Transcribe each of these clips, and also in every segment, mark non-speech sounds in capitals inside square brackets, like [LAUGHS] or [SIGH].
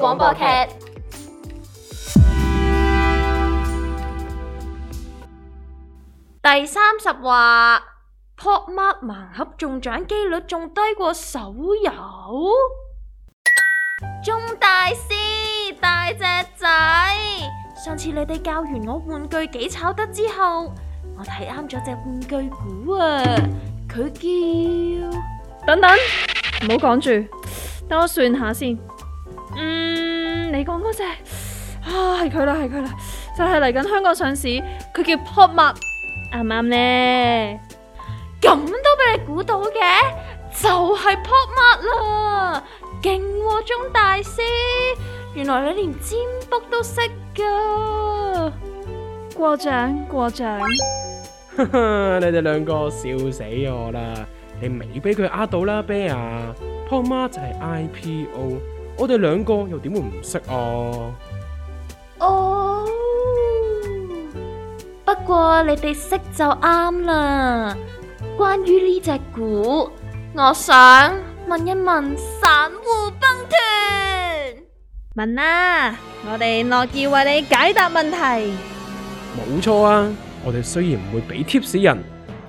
廣播劇第三十話，POP MART 盲盒中獎機率仲低過手遊。鍾大師大隻仔，上次你哋教完我玩具幾炒得之後，我睇啱咗隻玩具股啊！佢叫……等等，唔好講住，等我算下先。嗯，你講嗰隻啊係佢啦，係佢啦，就係嚟緊香港上市，佢叫 PopMart，啱唔啱咧？咁都俾你估到嘅，就係、是、PopMart 啦，勁、啊、鍾大師，原來你連占卜都識噶，過獎過獎， [LAUGHS] 你哋兩個笑死我啦，你未俾佢呃到啦，Bear，PopMart 就係 IPO。我哋兩個又點會唔識啊？哦，不過你哋識就啱啦。關於呢隻股，我想問一問散戶乓團。問啦，我哋樂意為你解答問題。冇錯啊，我哋雖然唔會俾貼士人，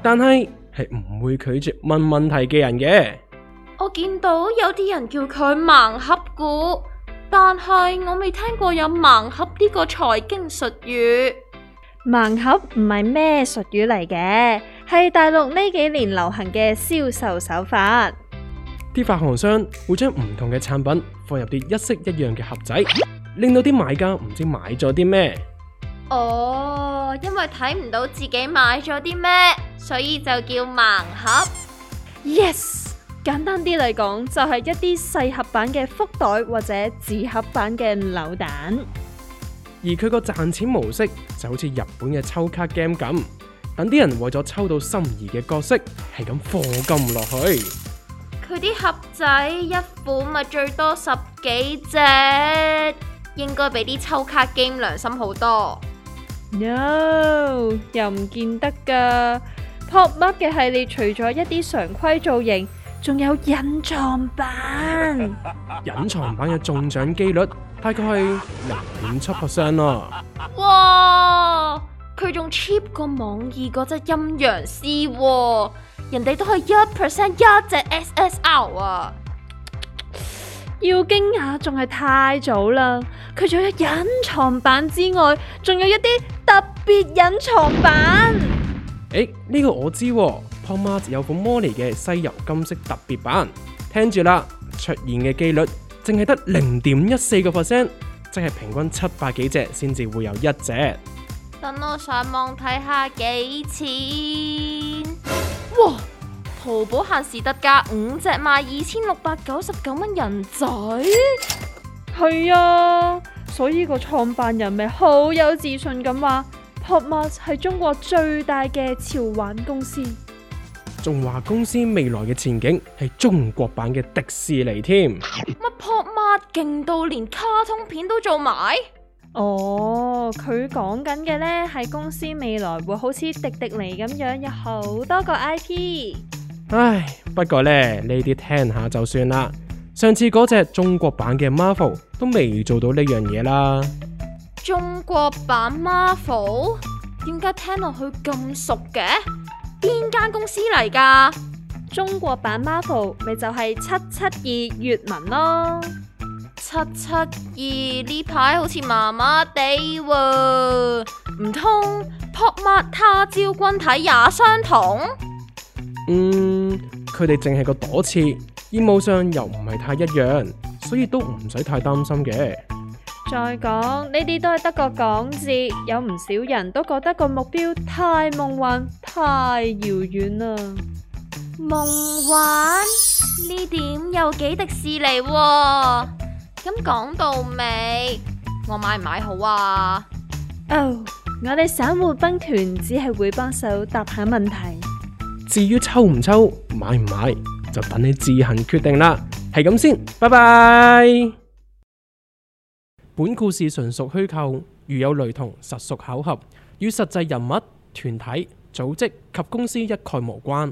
但係係唔會拒絕問問題嘅人嘅。我見到有啲人叫佢盲盒股，但係我未聽過有盲盒呢個財經術語。盲盒唔係咩術語嚟嘅，係大陸呢幾年流行嘅銷售手法。啲發行商會將唔同嘅產品放入啲一式一樣嘅盒仔，令到啲買家唔知買咗啲咩。哦，因為睇唔到自己買咗啲咩，所以就叫盲盒。Yes。簡單啲嚟講，就係、是、一啲細盒版嘅福袋或者紙盒版嘅扭蛋，而佢個賺錢模式就好似日本嘅抽卡 game 咁，等啲人為咗抽到心儀嘅角色，係咁放金落去。佢啲盒仔一本咪最多十幾隻，應該比啲抽卡 game 良心好多。No，又唔見得噶。POP MART 嘅系列除咗一啲常規造型。仲有隱藏版，隱 [LAUGHS] 藏版嘅中獎幾率大概係零點七 percent 啦。啊、哇，佢仲 cheap 過網易嗰隻陰陽師、啊，人哋都係一 percent 一隻 SSR 啊！嘖嘖，要驚訝仲係太早啦，佢仲有隱藏版之外，仲有一啲特別隱藏版。誒、欸，呢、呢個我知、啊。POP MART 有款摩尼嘅西遊金色特別版，聽住啦，出現嘅機率淨係得零點一四個 percent，即係平均七百幾隻先至會有一隻。等我上網睇下幾錢。哇，淘寶限時特價五隻賣二千六百九十九蚊人仔，係啊，所以個創辦人咪好有自信咁話，POP MART 係中國最大嘅潮玩公司。仲話公司未來嘅前景係中國版嘅迪士尼添，乜 POP MART 勁到連卡通片都做埋？哦，佢講緊嘅呢係公司未來會好似迪迪尼咁樣，有好多個 IP。唉，不過呢，呢啲聽下就算啦。上次嗰隻中國版嘅 Marvel 都未做到呢樣嘢啦。中國版 Marvel 點解聽落去咁熟嘅？邊間公司嚟噶？中國版 Marvel 咪就係七七二閱文咯。七七二呢排好似麻麻地喎，唔通 POP MART 他朝君體也相同？嗯，佢哋淨係個朵次，業務上又唔係太一樣，所以都唔使太擔心嘅。再講呢啲都係得個講字，有唔少人都覺得個目標太夢幻，太遙遠啦。夢幻呢點又幾迪士尼喎？咁講到尾，我買唔買好啊？哦，我哋散戶乓團只係會幫手答下問題。至於抽唔抽、買唔買，就等你自行決定啦。係咁先，拜拜。本故事純屬虛構，如有雷同，實屬巧合，與實際人物、團體、組織及公司一概無關。